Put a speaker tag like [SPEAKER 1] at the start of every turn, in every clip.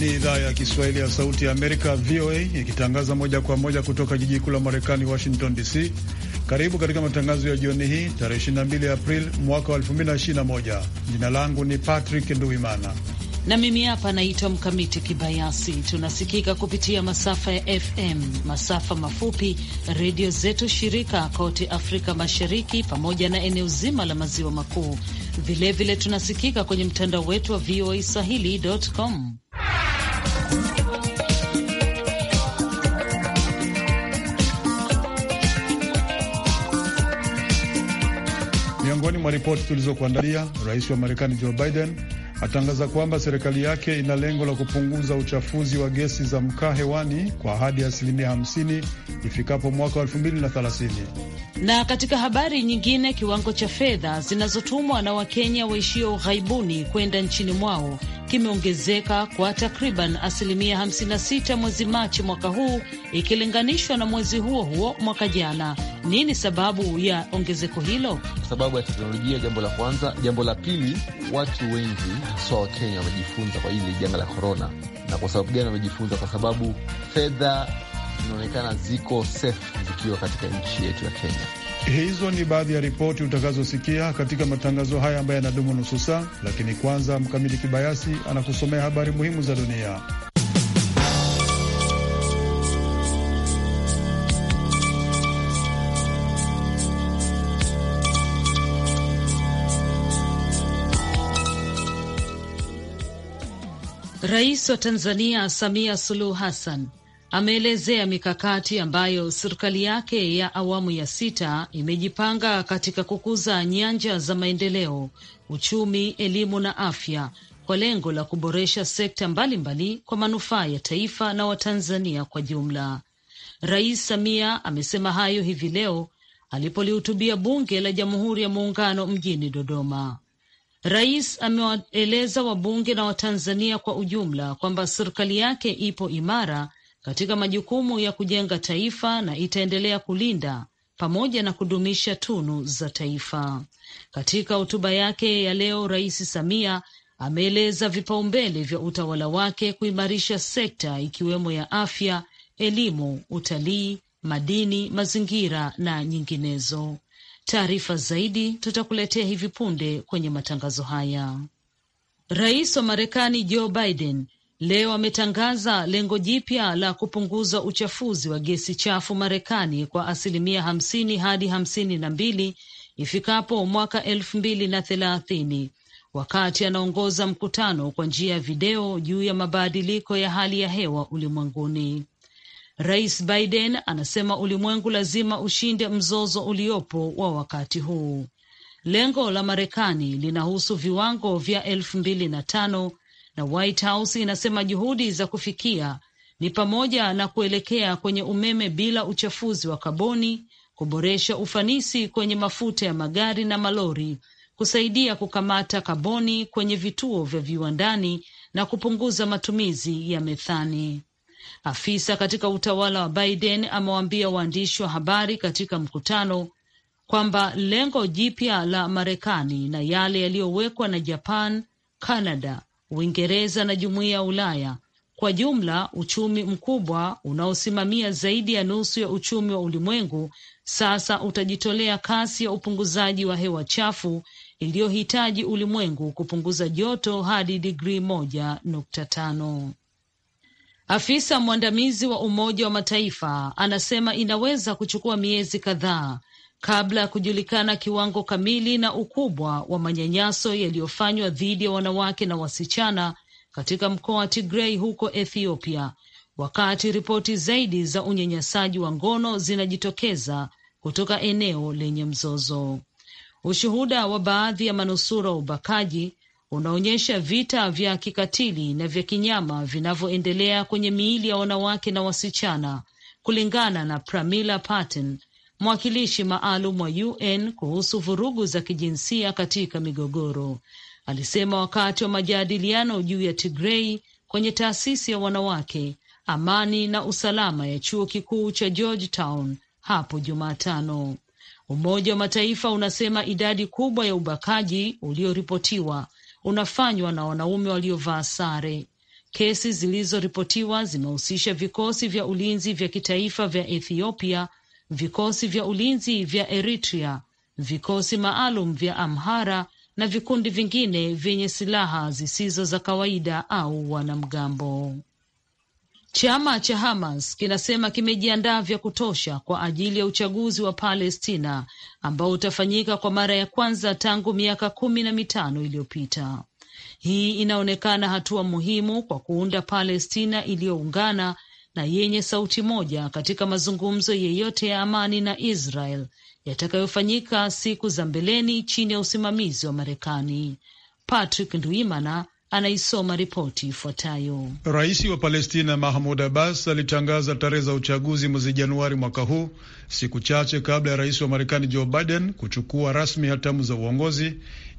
[SPEAKER 1] ni idhaa ya Kiswahili ya Sauti ya Amerika, VOA, ikitangaza moja kwa moja kutoka jiji kuu la Marekani, Washington DC. Karibu katika matangazo ya jioni hii tarehe 22 Aprili mwaka wa 2021. Jina langu ni Patrick Nduimana
[SPEAKER 2] na mimi hapa naitwa Mkamiti Kibayasi. Tunasikika kupitia masafa ya FM, masafa mafupi, redio zetu shirika kote Afrika Mashariki pamoja na eneo zima la maziwa makuu. Vilevile tunasikika kwenye mtandao wetu wa VOA Swahili.com.
[SPEAKER 1] Miongoni mwa ripoti tulizokuandalia, rais wa Marekani Joe Biden atangaza kwamba serikali yake ina lengo la kupunguza uchafuzi wa gesi za mkaa hewani kwa hadi asilimia 50 ifikapo mwaka wa 2030.
[SPEAKER 2] Na katika habari nyingine, kiwango cha fedha zinazotumwa na Wakenya waishio ughaibuni kwenda nchini mwao kimeongezeka kwa takriban asilimia 56 mwezi Machi mwaka huu ikilinganishwa na mwezi huo huo mwaka jana. Nini sababu ya ongezeko hilo? Kwa
[SPEAKER 3] sababu ya teknolojia, jambo la kwanza. Jambo la pili, watu wengi haswa Wakenya wamejifunza kwa hili janga la korona. Na kwa sababu gani wamejifunza? Kwa sababu fedha zinaonekana ziko safe zikiwa katika nchi yetu ya Kenya.
[SPEAKER 1] Hizo ni baadhi ya ripoti utakazosikia katika matangazo haya ambayo yanadumu nusu saa, lakini kwanza, Mkamili Kibayasi anakusomea habari muhimu za dunia.
[SPEAKER 2] Rais wa Tanzania Samia Suluhu Hassan ameelezea mikakati ambayo serikali yake ya awamu ya sita imejipanga katika kukuza nyanja za maendeleo, uchumi, elimu na afya kwa lengo la kuboresha sekta mbalimbali mbali kwa manufaa ya taifa na Watanzania kwa jumla. Rais Samia amesema hayo hivi leo alipolihutubia Bunge la Jamhuri ya Muungano mjini Dodoma. Rais amewaeleza wabunge na Watanzania kwa ujumla kwamba serikali yake ipo imara katika majukumu ya kujenga taifa na itaendelea kulinda pamoja na kudumisha tunu za taifa. Katika hotuba yake ya leo, Rais Samia ameeleza vipaumbele vya utawala wake kuimarisha sekta ikiwemo ya afya, elimu, utalii, madini, mazingira na nyinginezo. Taarifa zaidi tutakuletea hivi punde kwenye matangazo haya. Rais wa Marekani Joe Biden leo ametangaza lengo jipya la kupunguza uchafuzi wa gesi chafu Marekani kwa asilimia hamsini hadi hamsini na mbili ifikapo mwaka elfu mbili na thelathini wakati anaongoza mkutano kwa njia ya video juu ya mabadiliko ya hali ya hewa ulimwenguni. Rais Biden anasema ulimwengu lazima ushinde mzozo uliopo wa wakati huu. Lengo la Marekani linahusu viwango vya elfu mbili na tano na White House inasema juhudi za kufikia ni pamoja na kuelekea kwenye umeme bila uchafuzi wa kaboni, kuboresha ufanisi kwenye mafuta ya magari na malori, kusaidia kukamata kaboni kwenye vituo vya viwandani na kupunguza matumizi ya methani. Afisa katika utawala wa Biden amewaambia waandishi wa habari katika mkutano kwamba lengo jipya la Marekani na yale yaliyowekwa na Japan, Canada, Uingereza na Jumuiya ya Ulaya kwa jumla uchumi mkubwa unaosimamia zaidi ya nusu ya uchumi wa ulimwengu sasa utajitolea kasi ya upunguzaji wa hewa chafu iliyohitaji ulimwengu kupunguza joto hadi digrii moja nukta tano. Afisa mwandamizi wa Umoja wa Mataifa anasema inaweza kuchukua miezi kadhaa kabla ya kujulikana kiwango kamili na ukubwa wa manyanyaso yaliyofanywa dhidi ya wanawake na wasichana katika mkoa wa Tigrei huko Ethiopia, wakati ripoti zaidi za unyanyasaji wa ngono zinajitokeza kutoka eneo lenye mzozo. Ushuhuda wa baadhi ya manusura wa ubakaji unaonyesha vita vya kikatili na vya kinyama vinavyoendelea kwenye miili ya wanawake na wasichana, kulingana na Pramila Patten, mwakilishi maalum wa UN kuhusu vurugu za kijinsia katika migogoro alisema wakati wa majadiliano juu ya Tigrei kwenye taasisi ya wanawake, amani na usalama ya chuo kikuu cha Georgetown hapo Jumatano. Umoja wa Mataifa unasema idadi kubwa ya ubakaji ulioripotiwa unafanywa na wanaume waliovaa sare. Kesi zilizoripotiwa zimehusisha vikosi vya ulinzi vya kitaifa vya Ethiopia vikosi vya ulinzi vya Eritrea, vikosi maalum vya Amhara na vikundi vingine vyenye silaha zisizo za kawaida au wanamgambo. Chama cha Hamas kinasema kimejiandaa vya kutosha kwa ajili ya uchaguzi wa Palestina ambao utafanyika kwa mara ya kwanza tangu miaka kumi na mitano iliyopita. Hii inaonekana hatua muhimu kwa kuunda Palestina iliyoungana na yenye sauti moja katika mazungumzo yeyote ya amani na Israel yatakayofanyika siku za mbeleni chini ya usimamizi wa Marekani. Patrick Nduimana anaisoma ripoti ifuatayo.
[SPEAKER 1] Rais wa Palestina Mahmud Abbas alitangaza tarehe za uchaguzi mwezi Januari mwaka huu, siku chache kabla ya rais wa Marekani Joe Biden kuchukua rasmi hatamu za uongozi,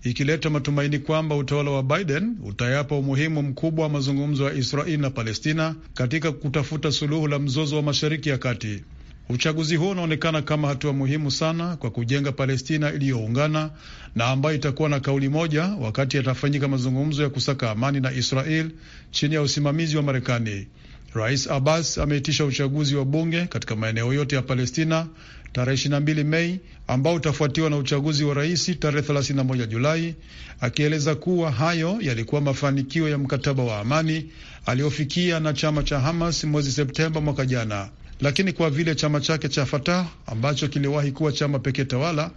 [SPEAKER 1] ikileta matumaini kwamba utawala wa Biden utayapa umuhimu mkubwa wa mazungumzo ya Israeli na Palestina katika kutafuta suluhu la mzozo wa Mashariki ya Kati. Uchaguzi huo unaonekana kama hatua muhimu sana kwa kujenga Palestina iliyoungana na ambayo itakuwa na kauli moja wakati yatafanyika mazungumzo ya kusaka amani na Israel chini ya usimamizi wa Marekani. Rais Abbas ameitisha uchaguzi wa bunge katika maeneo yote ya Palestina tarehe 22 Mei ambao utafuatiwa na uchaguzi wa rais tarehe 31 Julai, akieleza kuwa hayo yalikuwa mafanikio ya mkataba wa amani aliyofikia na chama cha Hamas mwezi Septemba mwaka jana. Lakini kwa vile chama chake cha Fatah ambacho kiliwahi kuwa chama pekee tawala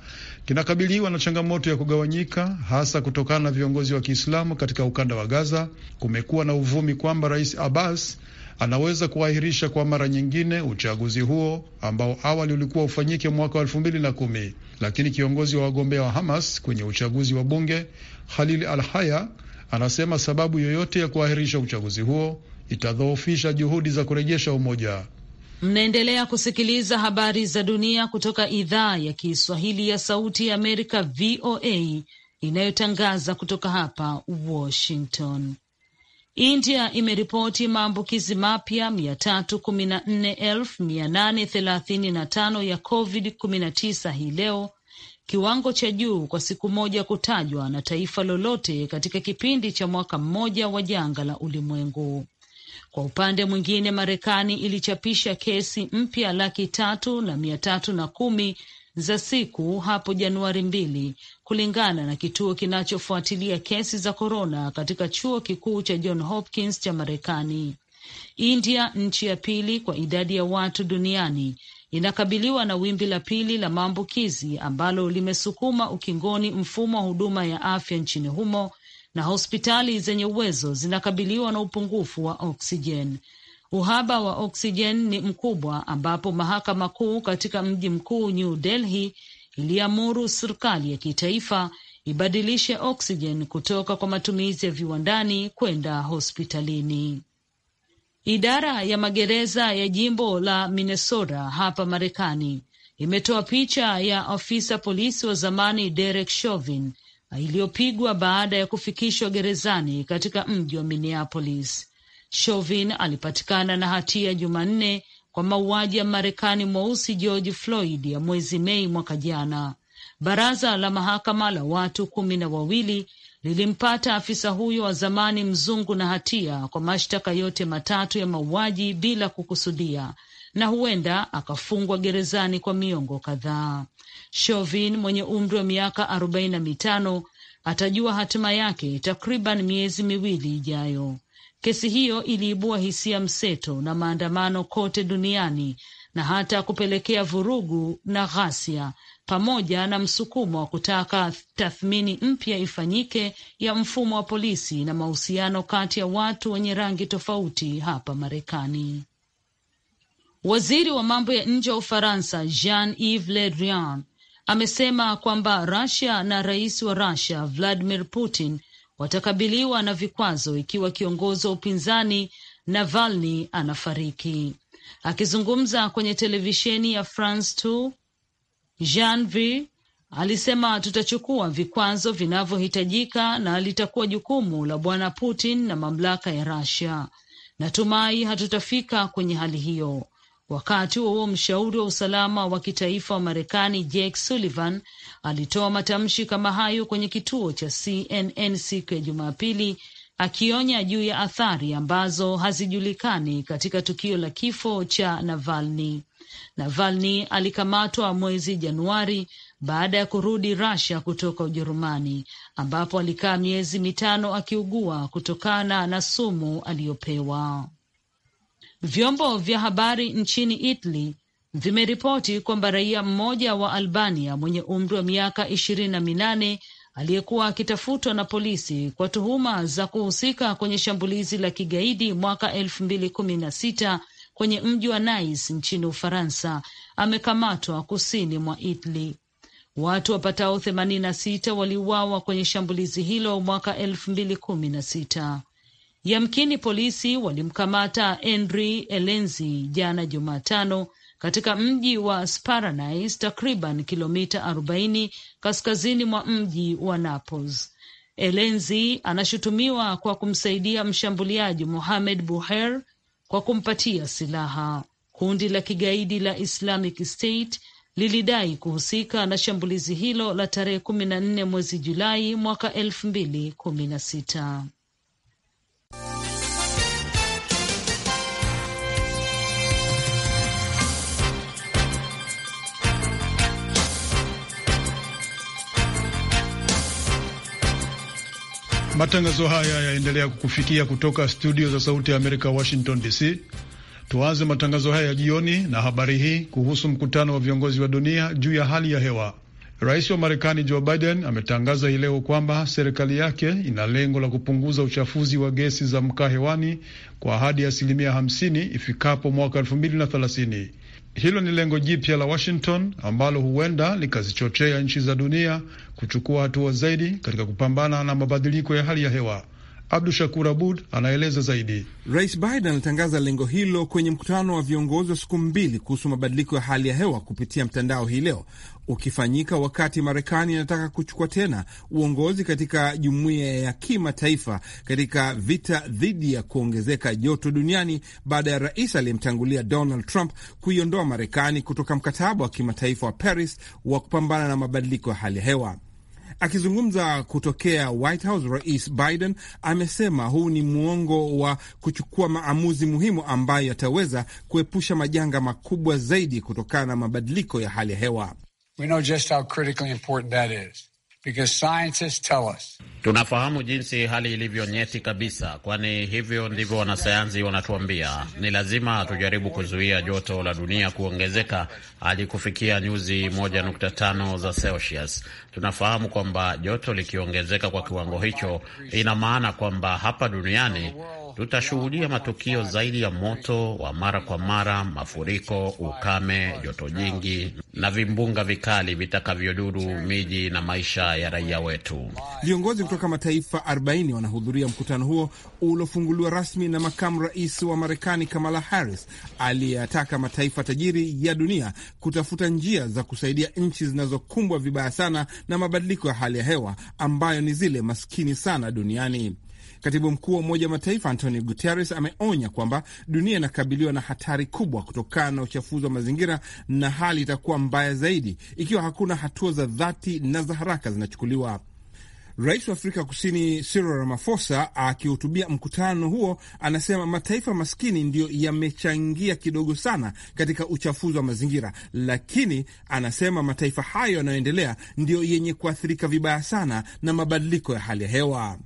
[SPEAKER 1] kinakabiliwa na changamoto ya kugawanyika, hasa kutokana na viongozi wa Kiislamu katika ukanda wa Gaza, kumekuwa na uvumi kwamba rais Abbas anaweza kuahirisha kwa mara nyingine uchaguzi huo ambao awali ulikuwa ufanyike mwaka wa elfu mbili na kumi, lakini kiongozi wa wagombea wa Hamas kwenye uchaguzi wa bunge Khalil Al Haya anasema sababu yoyote ya kuahirisha uchaguzi huo itadhoofisha juhudi za kurejesha umoja.
[SPEAKER 2] Mnaendelea kusikiliza habari za dunia kutoka idhaa ya Kiswahili ya Sauti ya Amerika, VOA, inayotangaza kutoka hapa Washington. India imeripoti maambukizi mapya mia tatu kumi na nne elfu mia nane thelathini na tano ya COVID 19 hii leo, kiwango cha juu kwa siku moja kutajwa na taifa lolote katika kipindi cha mwaka mmoja wa janga la ulimwengu. Kwa upande mwingine, Marekani ilichapisha kesi mpya laki tatu na mia tatu na kumi za siku hapo Januari mbili, kulingana na kituo kinachofuatilia kesi za korona katika chuo kikuu cha John Hopkins cha Marekani. India, nchi ya pili kwa idadi ya watu duniani, inakabiliwa na wimbi la pili la maambukizi ambalo limesukuma ukingoni mfumo wa huduma ya afya nchini humo, na hospitali zenye uwezo zinakabiliwa na upungufu wa oksijeni. Uhaba wa oksijeni ni mkubwa, ambapo mahakama kuu katika mji mkuu New Delhi iliamuru serikali ya kitaifa ibadilishe oksijeni kutoka kwa matumizi ya viwandani kwenda hospitalini. Idara ya magereza ya jimbo la Minnesota hapa Marekani imetoa picha ya afisa polisi wa zamani Derek Chauvin iliyopigwa baada ya kufikishwa gerezani katika mji wa Minneapolis. Chauvin alipatikana na hatia Jumanne kwa mauaji ya Marekani mweusi George Floyd ya mwezi Mei mwaka jana. Baraza la mahakama la watu kumi na wawili lilimpata afisa huyo wa zamani mzungu na hatia kwa mashtaka yote matatu ya mauaji bila kukusudia na huenda akafungwa gerezani kwa miongo kadhaa. Chauvin mwenye umri wa miaka arobaini na mitano atajua hatima yake takriban miezi miwili ijayo. Kesi hiyo iliibua hisia mseto na maandamano kote duniani na hata kupelekea vurugu na ghasia pamoja na msukumo wa kutaka tathmini mpya ifanyike ya mfumo wa polisi na mahusiano kati ya watu wenye rangi tofauti hapa Marekani. Waziri wa mambo ya nje wa Ufaransa Jean-Yves Le Drian amesema kwamba rasia na rais wa rasia Vladimir Putin watakabiliwa na vikwazo ikiwa kiongozi wa upinzani Navalny anafariki. Akizungumza kwenye televisheni ya France 2 Jean V alisema tutachukua vikwazo vinavyohitajika na litakuwa jukumu la bwana Putin na mamlaka ya Russia. Natumai hatutafika kwenye hali hiyo. Wakati huo huo, mshauri wa usalama wa kitaifa wa Marekani Jake Sullivan alitoa matamshi kama hayo kwenye kituo cha CNN siku ya Jumapili, akionya juu ya athari ambazo hazijulikani katika tukio la kifo cha Navalny. Navalny alikamatwa mwezi Januari baada ya kurudi Russia kutoka Ujerumani ambapo alikaa miezi mitano akiugua kutokana na sumu aliyopewa. Vyombo vya habari nchini Italy vimeripoti kwamba raia mmoja wa Albania mwenye umri wa miaka ishirini na minane aliyekuwa akitafutwa na polisi kwa tuhuma za kuhusika kwenye shambulizi la kigaidi mwaka elfu mbili kumi na sita kwenye mji wa Nice nchini Ufaransa amekamatwa kusini mwa Italy. Watu wapatao themanini na sita waliuawa kwenye shambulizi hilo mwaka elfu mbili kumi na sita. Yamkini polisi walimkamata enry Elenzi jana Jumatano katika mji wa Sparanais, takriban kilomita 40 kaskazini mwa mji wa Naples. Elenzi anashutumiwa kwa kumsaidia mshambuliaji Mohamed Buher kwa kumpatia silaha. Kundi la kigaidi la Islamic State lilidai kuhusika na shambulizi hilo la tarehe 14 mwezi Julai mwaka 2016.
[SPEAKER 1] Matangazo haya yaendelea kukufikia kutoka studio za Sauti ya Amerika, Washington DC. Tuanze matangazo haya ya jioni na habari hii kuhusu mkutano wa viongozi wa dunia juu ya hali ya hewa. Rais wa Marekani Joe Biden ametangaza hii leo kwamba serikali yake ina lengo la kupunguza uchafuzi wa gesi za mkaa hewani kwa hadi ya asilimia 50 ifikapo mwaka 2030. Hilo ni lengo jipya la Washington ambalo huenda likazichochea nchi za dunia kuchukua hatua zaidi katika kupambana na mabadiliko ya hali ya hewa. Abdu Shakur Abud anaeleza zaidi.
[SPEAKER 3] Rais Biden alitangaza lengo hilo kwenye mkutano wa viongozi wa siku mbili kuhusu mabadiliko ya hali ya hewa kupitia mtandao hii leo, ukifanyika wakati Marekani inataka kuchukua tena uongozi katika jumuiya ya kimataifa katika vita dhidi ya kuongezeka joto duniani baada ya rais aliyemtangulia Donald Trump kuiondoa Marekani kutoka mkataba wa kimataifa wa Paris wa kupambana na mabadiliko ya hali ya hewa. Akizungumza kutokea White House, Rais Biden amesema huu ni mwongo wa kuchukua maamuzi muhimu ambayo yataweza kuepusha majanga makubwa zaidi kutokana na mabadiliko ya hali ya hewa.
[SPEAKER 4] We know just how critically important that is because
[SPEAKER 5] scientists tell us. Tunafahamu jinsi hali ilivyo nyeti kabisa, kwani hivyo ndivyo wanasayansi wanatuambia. Ni lazima tujaribu kuzuia joto la dunia kuongezeka hadi kufikia nyuzi 1.5 za Celsius. Tunafahamu kwamba joto likiongezeka kwa kiwango hicho, ina maana kwamba hapa duniani tutashuhudia matukio zaidi ya moto wa mara kwa mara, mafuriko, ukame, joto jingi na vimbunga vikali vitakavyodudu miji na maisha ya raia wetu.
[SPEAKER 3] Viongozi kutoka mataifa 40 wanahudhuria mkutano huo uliofunguliwa rasmi na makamu rais wa Marekani Kamala Harris aliyeataka mataifa tajiri ya dunia kutafuta njia za kusaidia nchi zinazokumbwa vibaya sana na mabadiliko ya hali ya hewa ambayo ni zile maskini sana duniani. Katibu mkuu wa Umoja wa Mataifa Antonio Guterres ameonya kwamba dunia inakabiliwa na hatari kubwa kutokana na uchafuzi wa mazingira na hali itakuwa mbaya zaidi ikiwa hakuna hatua za dhati na za haraka zinachukuliwa. Rais wa Afrika Kusini Cyril Ramaphosa akihutubia mkutano huo anasema mataifa maskini ndiyo yamechangia kidogo sana katika uchafuzi wa mazingira, lakini anasema mataifa hayo yanayoendelea ndiyo yenye kuathirika vibaya sana na mabadiliko ya hali ya hewa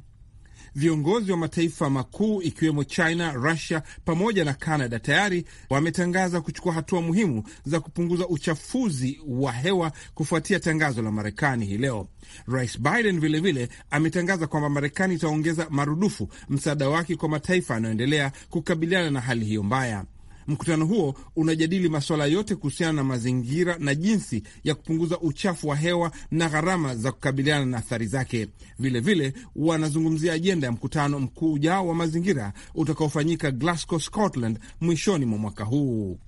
[SPEAKER 3] viongozi wa mataifa makuu ikiwemo China, Russia pamoja na Canada tayari wametangaza kuchukua hatua muhimu za kupunguza uchafuzi wa hewa kufuatia tangazo la Marekani hii leo. Rais Biden vilevile ametangaza kwamba Marekani itaongeza marudufu msaada wake kwa mataifa yanayoendelea kukabiliana na hali hiyo mbaya. Mkutano huo unajadili masuala yote kuhusiana na mazingira na jinsi ya kupunguza uchafu wa hewa na gharama za kukabiliana na athari zake. Vilevile wanazungumzia ajenda ya mkutano mkuu ujao wa mazingira utakaofanyika Glasgow, Scotland mwishoni mwa mwaka huu.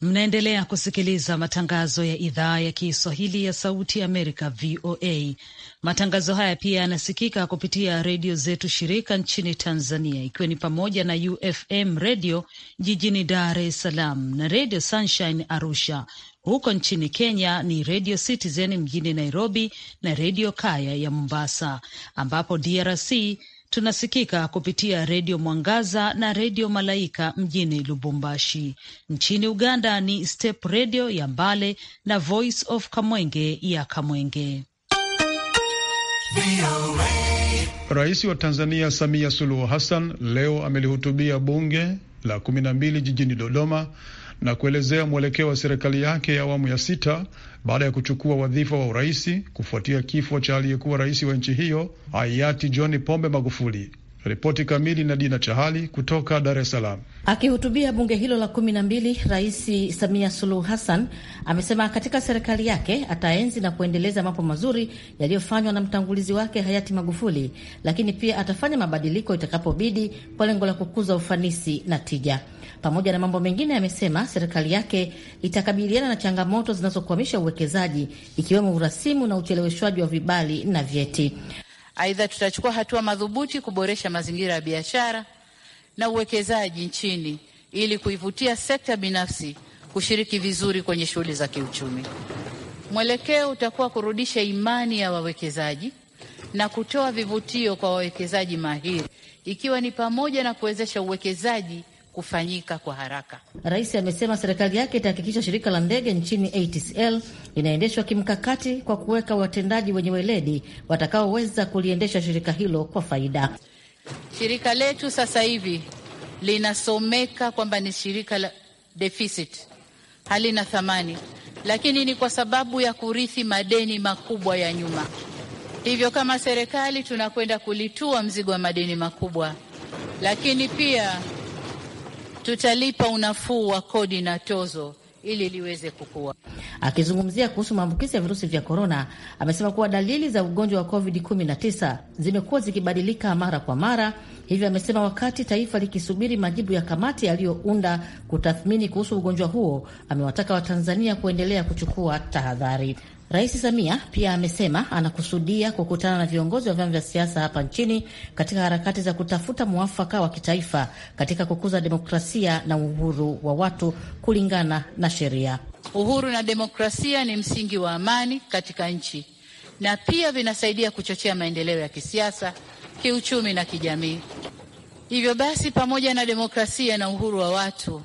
[SPEAKER 2] Mnaendelea kusikiliza matangazo ya idhaa ya Kiswahili ya Sauti ya Amerika, VOA. Matangazo haya pia yanasikika kupitia redio zetu shirika nchini Tanzania, ikiwa ni pamoja na UFM redio jijini Dar es Salaam na redio Sunshine Arusha. Huko nchini Kenya ni redio Citizen mjini Nairobi na redio Kaya ya Mombasa, ambapo DRC Tunasikika kupitia Redio Mwangaza na Redio Malaika mjini Lubumbashi. Nchini Uganda ni Step Redio ya Mbale na Voice of Kamwenge ya Kamwenge.
[SPEAKER 1] Rais wa Tanzania Samia Suluhu Hassan leo amelihutubia bunge la kumi na mbili jijini Dodoma na kuelezea mwelekeo wa serikali yake ya awamu ya sita baada ya kuchukua wadhifa wa uraisi kufuatia kifo cha aliyekuwa rais wa nchi hiyo hayati John Pombe Magufuli. Ripoti kamili na Dina Chahali kutoka Dar es Salaam.
[SPEAKER 6] Akihutubia bunge hilo la kumi na mbili, Rais Samia Suluhu Hassan amesema katika serikali yake ataenzi na kuendeleza mambo mazuri yaliyofanywa na mtangulizi wake hayati Magufuli, lakini pia atafanya mabadiliko itakapobidi kwa lengo la kukuza ufanisi na tija. Pamoja na mambo mengine, amesema serikali yake itakabiliana na changamoto zinazokwamisha uwekezaji ikiwemo urasimu na ucheleweshwaji wa vibali na vyeti.
[SPEAKER 4] Aidha, tutachukua hatua madhubuti kuboresha mazingira ya biashara na uwekezaji nchini ili kuivutia sekta binafsi kushiriki vizuri kwenye shughuli za kiuchumi. Mwelekeo utakuwa kurudisha imani ya wawekezaji na kutoa vivutio kwa wawekezaji mahiri, ikiwa ni pamoja na kuwezesha uwekezaji kufanyika kwa haraka.
[SPEAKER 6] Rais amesema serikali yake itahakikisha shirika la ndege nchini ATCL linaendeshwa kimkakati kwa kuweka watendaji wenye weledi watakaoweza kuliendesha shirika hilo kwa faida.
[SPEAKER 4] Shirika letu sasa hivi linasomeka kwamba ni shirika la deficit, halina thamani, lakini ni kwa sababu ya kurithi madeni makubwa ya nyuma. Hivyo kama serikali tunakwenda kulitua mzigo wa madeni makubwa, lakini pia tutalipa unafuu wa kodi na tozo ili liweze kukua.
[SPEAKER 6] Akizungumzia kuhusu maambukizi ya virusi vya korona, amesema kuwa dalili za ugonjwa wa COVID-19 zimekuwa zikibadilika mara kwa mara. Hivyo amesema wakati taifa likisubiri majibu ya kamati yaliyounda kutathmini kuhusu ugonjwa huo, amewataka Watanzania kuendelea kuchukua tahadhari. Rais Samia pia amesema anakusudia kukutana na viongozi wa vyama vya siasa hapa nchini katika harakati za kutafuta mwafaka wa kitaifa katika kukuza demokrasia na uhuru wa watu kulingana na sheria.
[SPEAKER 4] Uhuru na demokrasia ni msingi wa amani katika nchi na pia vinasaidia kuchochea maendeleo ya kisiasa, kiuchumi na kijamii. Hivyo basi, pamoja na demokrasia na uhuru wa watu,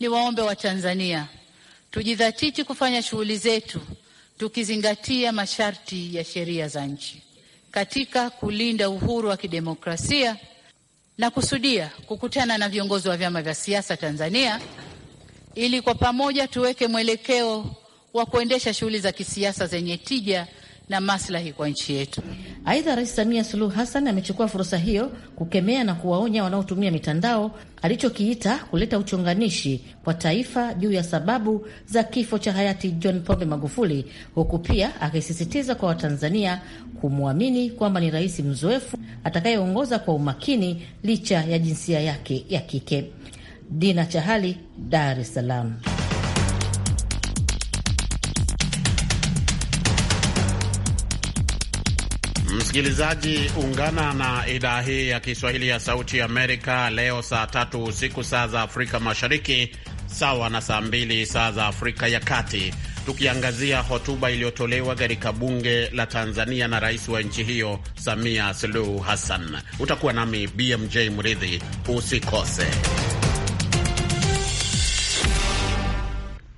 [SPEAKER 4] ni wa Watanzania tujidhatiti kufanya shughuli zetu tukizingatia masharti ya sheria za nchi. Katika kulinda uhuru wa kidemokrasia na kusudia kukutana na viongozi wa vyama vya siasa Tanzania ili kwa pamoja tuweke mwelekeo wa kuendesha shughuli za kisiasa zenye tija na maslahi kwa nchi yetu. Aidha, Rais Samia
[SPEAKER 6] Suluhu Hassan amechukua fursa hiyo kukemea na kuwaonya wanaotumia mitandao alichokiita kuleta uchonganishi kwa taifa juu ya sababu za kifo cha hayati John Pombe Magufuli, huku pia akisisitiza kwa Watanzania kumwamini kwamba ni rais mzoefu atakayeongoza kwa umakini licha ya jinsia yake ya kike. Dina Chahali, Dar es Salaam.
[SPEAKER 5] Msikilizaji, ungana na idhaa hii ya Kiswahili ya Sauti Amerika leo saa tatu usiku saa za Afrika Mashariki, sawa na saa mbili saa za Afrika ya Kati, tukiangazia hotuba iliyotolewa katika bunge la Tanzania na rais wa nchi hiyo Samia Suluhu Hassan. Utakuwa nami BMJ Mridhi, usikose.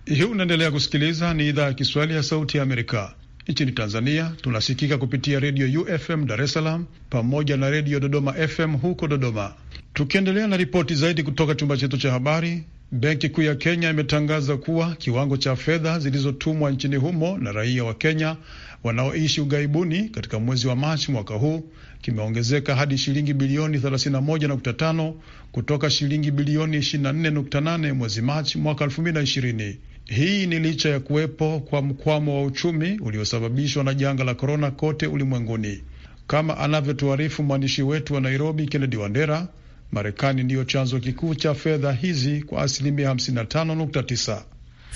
[SPEAKER 1] Hii unaendelea kusikiliza, ni idhaa ya Kiswahili ya Sauti ya Amerika. Nchini Tanzania tunasikika kupitia redio UFM Dar es Salaam pamoja na redio Dodoma FM huko Dodoma. Tukiendelea na ripoti zaidi kutoka chumba chetu cha habari, Benki Kuu ya Kenya imetangaza kuwa kiwango cha fedha zilizotumwa nchini humo na raia wa Kenya wanaoishi ughaibuni katika mwezi wa Machi mwaka huu kimeongezeka hadi shilingi bilioni 31.5 kutoka shilingi bilioni 24.8 mwezi Machi mwaka 2020. Hii ni licha ya kuwepo kwa mkwamo wa uchumi uliosababishwa na janga la korona kote ulimwenguni. Kama anavyotuarifu mwandishi wetu wa Nairobi, Kennedy Wandera, Marekani ndiyo chanzo kikuu cha fedha hizi kwa asilimia 55.9.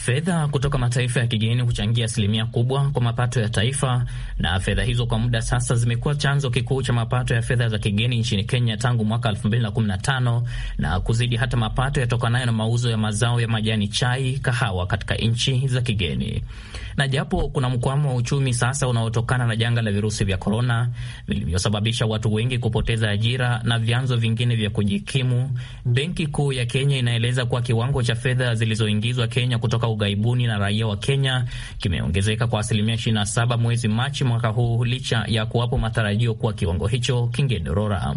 [SPEAKER 7] Fedha kutoka mataifa ya kigeni huchangia asilimia kubwa kwa mapato ya taifa, na fedha hizo kwa muda sasa zimekuwa chanzo kikuu cha mapato ya fedha za kigeni nchini Kenya tangu mwaka 2015 na kuzidi hata mapato yatokanayo na mauzo ya mazao ya majani chai, kahawa katika nchi za kigeni. Na japo kuna mkwamo wa uchumi sasa unaotokana na janga la virusi vya korona vilivyosababisha watu wengi kupoteza ajira na vyanzo vingine vya kujikimu, Benki Kuu ya Kenya inaeleza kuwa kiwango cha fedha zilizoingizwa Kenya kutoka ughaibuni na raia wa Kenya kimeongezeka kwa asilimia 27 mwezi Machi mwaka huu licha ya kuwapo matarajio kuwa kiwango hicho kingedorora.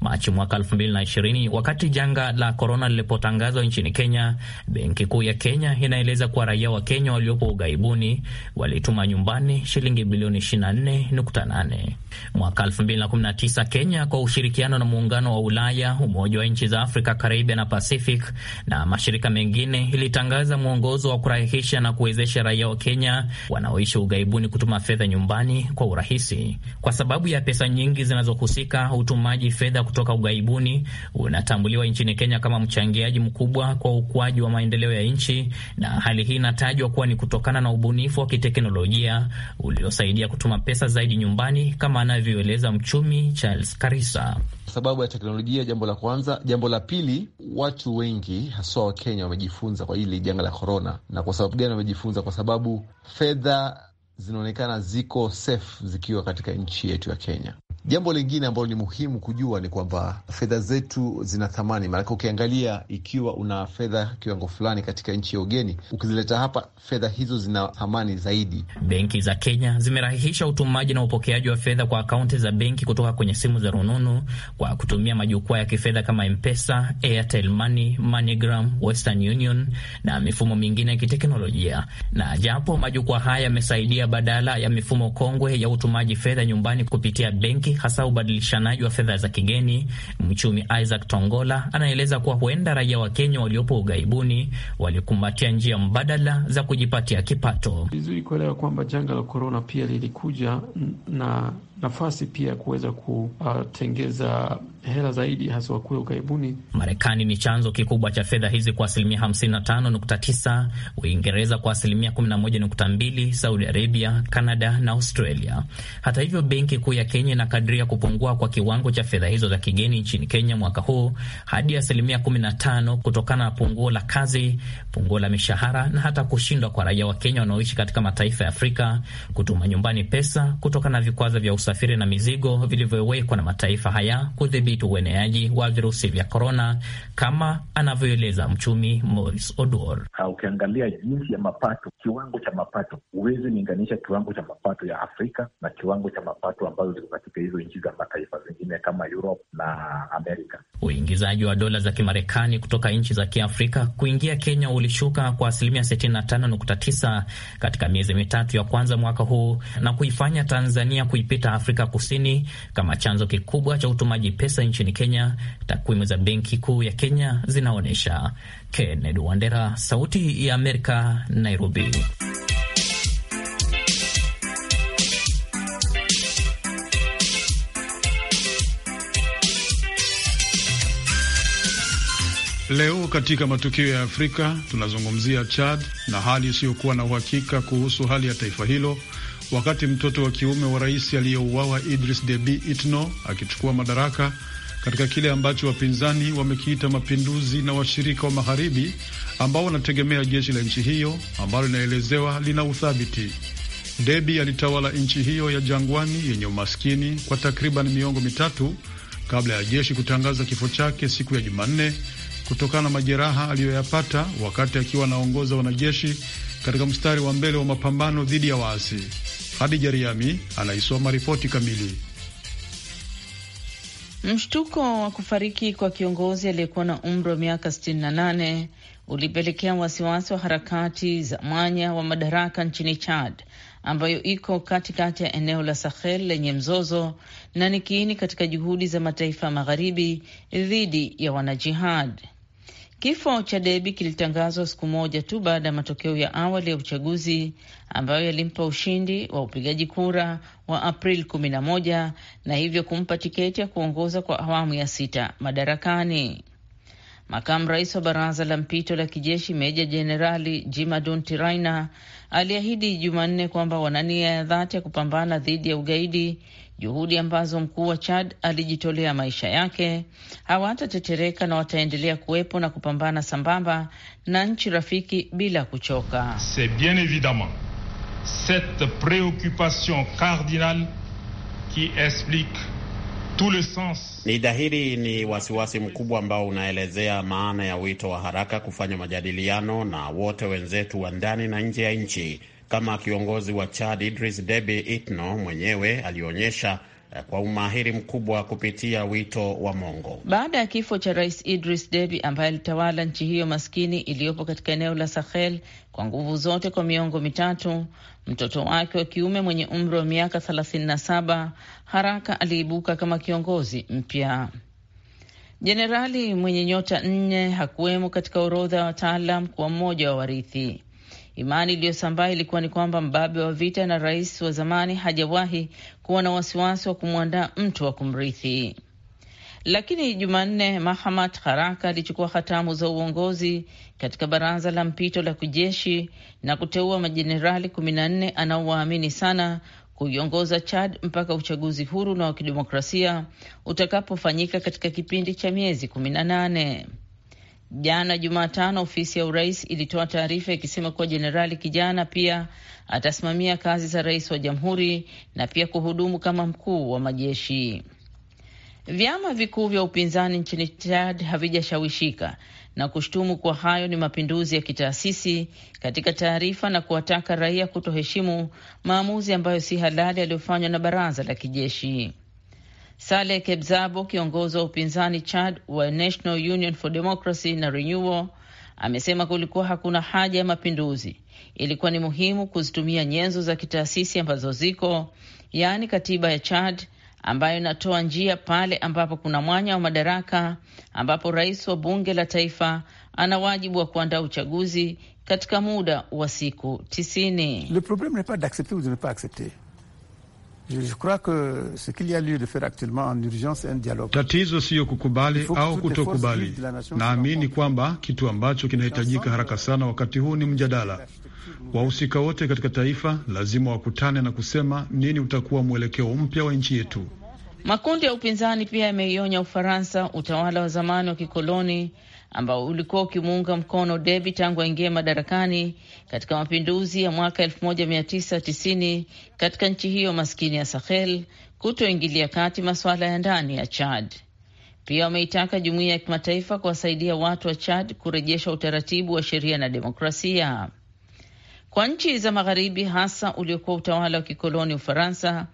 [SPEAKER 7] Machi mwaka 2020 wakati janga la korona lilipotangazwa nchini Kenya, Benki Kuu ya Kenya inaeleza kuwa raia wa Kenya waliopo ughaibuni walituma nyumbani shilingi bilioni 24.8. Mwaka 2019 Kenya kwa ushirikiano na Muungano wa Ulaya, Umoja wa Nchi za Afrika, Karibia na Pacific na mashirika mengine ilitangaza mwongozo wa kurahisisha na kuwezesha raia wa Kenya wanaoishi ughaibuni kutuma fedha nyumbani kwa urahisi. Kwa sababu ya pesa nyingi zinazohusika, utumaji fedha kutoka ughaibuni unatambuliwa nchini Kenya kama mchangiaji mkubwa kwa ukuaji wa maendeleo ya nchi, na hali hii inatajwa kuwa ni kutokana na ubuni ubunifu wa kiteknolojia uliosaidia kutuma pesa zaidi nyumbani, kama anavyoeleza mchumi Charles Karisa.
[SPEAKER 3] Sababu ya teknolojia, jambo la kwanza. Jambo la pili, watu wengi haswa Wakenya wamejifunza kwa hili janga la korona. Na kwa sababu gani wamejifunza? Kwa sababu fedha zinaonekana ziko safe zikiwa katika nchi yetu ya Kenya. Jambo lingine ambalo ni muhimu kujua ni kwamba fedha zetu zina thamani, maanake ukiangalia, ikiwa una fedha kiwango fulani katika nchi ya ugeni, ukizileta hapa, fedha hizo zina thamani
[SPEAKER 7] zaidi. Benki za Kenya zimerahisisha utumaji na upokeaji wa fedha kwa akaunti za benki kutoka kwenye simu za rununu kwa kutumia majukwaa ya kifedha kama mpesa Airtel Money, MoneyGram, Western Union na mifumo mingine ya kiteknolojia. Na japo majukwaa haya yamesaidia badala ya mifumo kongwe ya utumaji fedha nyumbani kupitia benki hasa ubadilishanaji wa fedha za kigeni. Mchumi Isaac Tongola anaeleza kuwa huenda raia wa Kenya waliopo ughaibuni walikumbatia njia mbadala za kujipatia kipato.
[SPEAKER 5] Vizuri kuelewa kwamba janga la korona pia lilikuja na nafasi pia ya kuweza kutengeza hela zaidi haswa kule ughaibuni.
[SPEAKER 7] Marekani ni chanzo kikubwa cha fedha hizi kwa asilimia 55.9, Uingereza kwa asilimia 11.2, Saudi Arabia, Canada na Australia. Hata hivyo, Benki Kuu ya Kenya inakadiria kupungua kwa kiwango cha fedha hizo za kigeni nchini Kenya mwaka huu hadi asilimia 15 kutokana na punguo la kazi, punguo la mishahara na hata kushindwa kwa raia wa Kenya wanaoishi katika mataifa ya Afrika kutuma nyumbani pesa kutokana na vikwazo vya usalama usafiri na mizigo vilivyowekwa na mataifa haya kudhibiti ueneaji wa virusi vya korona, kama anavyoeleza mchumi Morris Odor.
[SPEAKER 5] Ukiangalia jinsi ya mapato, kiwango cha mapato,
[SPEAKER 7] huwezi linganisha kiwango cha mapato ya Afrika na kiwango cha mapato ambazo ziko katika hizo nchi za mataifa
[SPEAKER 5] zingine kama Europe na Amerika.
[SPEAKER 7] Uingizaji wa dola za Kimarekani kutoka nchi za Kiafrika kuingia Kenya ulishuka kwa asilimia 65.9 katika miezi mitatu ya kwanza mwaka huu na kuifanya Tanzania kuipita Afrika Kusini kama chanzo kikubwa cha utumaji pesa nchini Kenya, takwimu za Benki Kuu ya Kenya zinaonyesha. Kennedy Wandera, Sauti ya Amerika, Nairobi.
[SPEAKER 1] Leo katika matukio ya Afrika tunazungumzia Chad na hali isiyokuwa na uhakika kuhusu hali ya taifa hilo wakati mtoto wa kiume wa rais aliyeuawa Idris Deby Itno akichukua madaraka katika kile ambacho wapinzani wamekiita mapinduzi na washirika wa magharibi ambao wanategemea jeshi la nchi hiyo ambalo linaelezewa lina uthabiti. Deby alitawala nchi hiyo ya jangwani yenye umaskini kwa takriban miongo mitatu kabla ya jeshi kutangaza kifo chake siku ya Jumanne kutokana na majeraha aliyoyapata wakati akiwa anaongoza wanajeshi katika mstari wa mbele wa mapambano dhidi ya waasi. Hadija Riami anaisoma ripoti kamili.
[SPEAKER 8] Mshtuko wa kufariki kwa kiongozi aliyekuwa na umri wa miaka 68 ulipelekea wasiwasi wa harakati za mwanya wa madaraka nchini Chad ambayo iko katikati ya eneo la Sahel lenye mzozo na ni kiini katika juhudi za mataifa magharibi dhidi ya wanajihad. Kifo cha debi kilitangazwa siku moja tu baada ya matokeo ya awali ya uchaguzi ambayo yalimpa ushindi wa upigaji kura wa Aprili 11 na hivyo kumpa tiketi ya kuongoza kwa awamu ya sita madarakani. Makamu rais wa baraza la mpito la kijeshi meja jenerali Jimadunti Raina aliahidi Jumanne kwamba wana nia ya dhati ya kupambana dhidi ya ugaidi juhudi ambazo mkuu wa Chad alijitolea maisha yake, hawatatetereka na wataendelea kuwepo na kupambana sambamba na nchi rafiki bila kuchoka.
[SPEAKER 1] C'est bien évidemment
[SPEAKER 3] cette préoccupation cardinale qui explique
[SPEAKER 5] tout le sens. Ni dhahiri ni wasiwasi mkubwa ambao unaelezea maana ya wito wa haraka kufanya majadiliano na wote wenzetu wa ndani na nje ya nchi kama kiongozi wa Chad Idris Deby Itno mwenyewe alionyesha eh, kwa umahiri mkubwa kupitia wito wa Mongo.
[SPEAKER 8] Baada ya kifo cha Rais Idris Deby ambaye alitawala nchi hiyo maskini iliyopo katika eneo la Sahel kwa nguvu zote kwa miongo mitatu, mtoto wake wa kiume mwenye umri wa miaka 37 haraka aliibuka kama kiongozi mpya. Jenerali mwenye nyota nne hakuwemo katika orodha ya wataalam kuwa mmoja wa warithi. Imani iliyosambaa ilikuwa ni kwamba mbabe wa vita na rais wa zamani hajawahi kuwa na wasiwasi wa kumwandaa mtu wa kumrithi. Lakini Jumanne, Mahamat haraka alichukua hatamu za uongozi katika baraza la mpito la kijeshi na kuteua majenerali kumi na nne anaowaamini sana kuiongoza Chad mpaka uchaguzi huru na wa kidemokrasia utakapofanyika katika kipindi cha miezi kumi na nane. Jana Jumatano, ofisi ya urais ilitoa taarifa ikisema kuwa jenerali kijana pia atasimamia kazi za rais wa jamhuri na pia kuhudumu kama mkuu wa majeshi. Vyama vikuu vya upinzani nchini Chad havijashawishika na kushtumu kuwa hayo ni mapinduzi ya kitaasisi katika taarifa, na kuwataka raia kutoheshimu maamuzi ambayo si halali yaliyofanywa na baraza la kijeshi. Saleh Kebzabo, kiongozi wa upinzani Chad wa National Union for Democracy na Renewal, amesema kulikuwa hakuna haja ya mapinduzi, ilikuwa ni muhimu kuzitumia nyenzo za kitaasisi ambazo ziko, yaani katiba ya Chad ambayo inatoa njia pale ambapo kuna mwanya wa madaraka, ambapo rais wa bunge la taifa ana wajibu wa kuandaa uchaguzi katika muda wa siku tisini.
[SPEAKER 1] Je crois que ce qu'il y a lieu de faire actuellement en
[SPEAKER 3] urgence, un dialogue.
[SPEAKER 1] Tatizo siyo kukubali au kutokubali. Naamini kwamba kitu ambacho kinahitajika haraka sana wakati huu ni mjadala. Wahusika wote katika taifa lazima wakutane na kusema nini utakuwa mwelekeo mpya wa nchi yetu.
[SPEAKER 8] Makundi ya upinzani pia yameionya Ufaransa, utawala wa zamani wa kikoloni ambao ulikuwa ukimuunga mkono debi tangu aingie madarakani katika mapinduzi ya mwaka 1990 katika nchi hiyo maskini ya Sahel kutoingilia kati masuala ya ndani ya Chad. Pia wameitaka jumuiya ya kimataifa kuwasaidia watu wa Chad kurejesha utaratibu wa sheria na demokrasia. Kwa nchi za magharibi, hasa uliokuwa utawala wa kikoloni Ufaransa,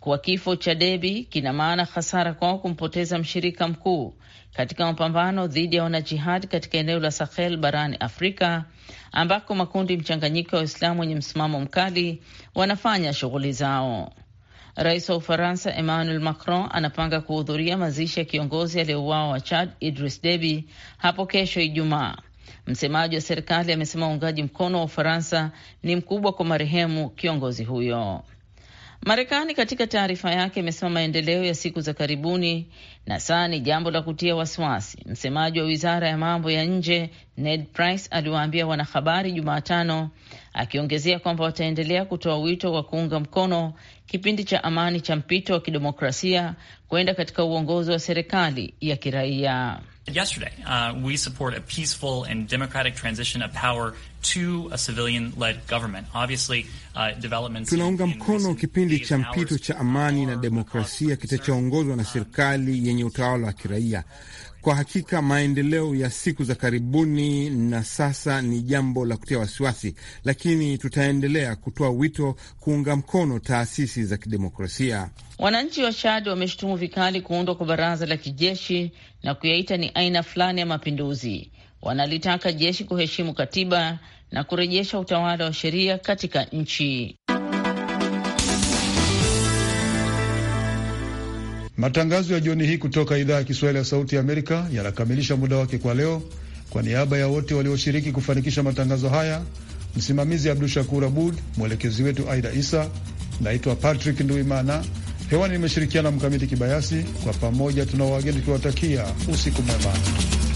[SPEAKER 8] kwa kifo cha debi kina maana hasara kwao kumpoteza mshirika mkuu katika mapambano dhidi ya wanajihadi katika eneo la Sahel barani Afrika ambako makundi mchanganyiko ya Waislamu wenye msimamo mkali wanafanya shughuli zao. Rais wa Ufaransa Emmanuel Macron anapanga kuhudhuria mazishi ya kiongozi aliyeuawa wa Chad Idris Deby hapo kesho Ijumaa. Msemaji wa serikali amesema uungaji mkono wa Ufaransa ni mkubwa kwa marehemu kiongozi huyo. Marekani katika taarifa yake imesema maendeleo ya siku za karibuni na saa ni jambo la kutia wasiwasi. Msemaji wa wizara ya mambo ya nje Ned Price aliwaambia wanahabari Jumatano, akiongezea kwamba wataendelea kutoa wito wa kuunga mkono kipindi cha amani cha mpito wa kidemokrasia kwenda katika uongozi wa serikali ya kiraia.
[SPEAKER 7] yesterday. Uh, we support a peaceful and democratic transition of power to a civilian-led government. Obviously, uh, developments tunaunga
[SPEAKER 3] mkono kipindi cha mpito cha amani na demokrasia kitachoongozwa na serikali yenye utawala wa kiraia. Kwa hakika maendeleo ya siku za karibuni na sasa ni jambo la kutia wasiwasi, lakini tutaendelea kutoa wito kuunga mkono taasisi za kidemokrasia.
[SPEAKER 8] Wananchi wa Chad wameshutumu vikali kuundwa kwa baraza la kijeshi na kuyaita ni aina fulani ya mapinduzi. Wanalitaka jeshi kuheshimu katiba na kurejesha utawala wa sheria katika nchi.
[SPEAKER 1] Matangazo ya jioni hii kutoka idhaa ya Kiswahili ya Sauti ya Amerika yanakamilisha muda wake kwa leo. Kwa niaba ya wote walioshiriki kufanikisha matangazo haya, msimamizi Abdu Shakur Abud, mwelekezi wetu Aida Isa. Naitwa Patrick Nduimana, hewani nimeshirikiana Mkamiti Kibayasi. Kwa pamoja tuna wageni tukiwatakia usiku mwema.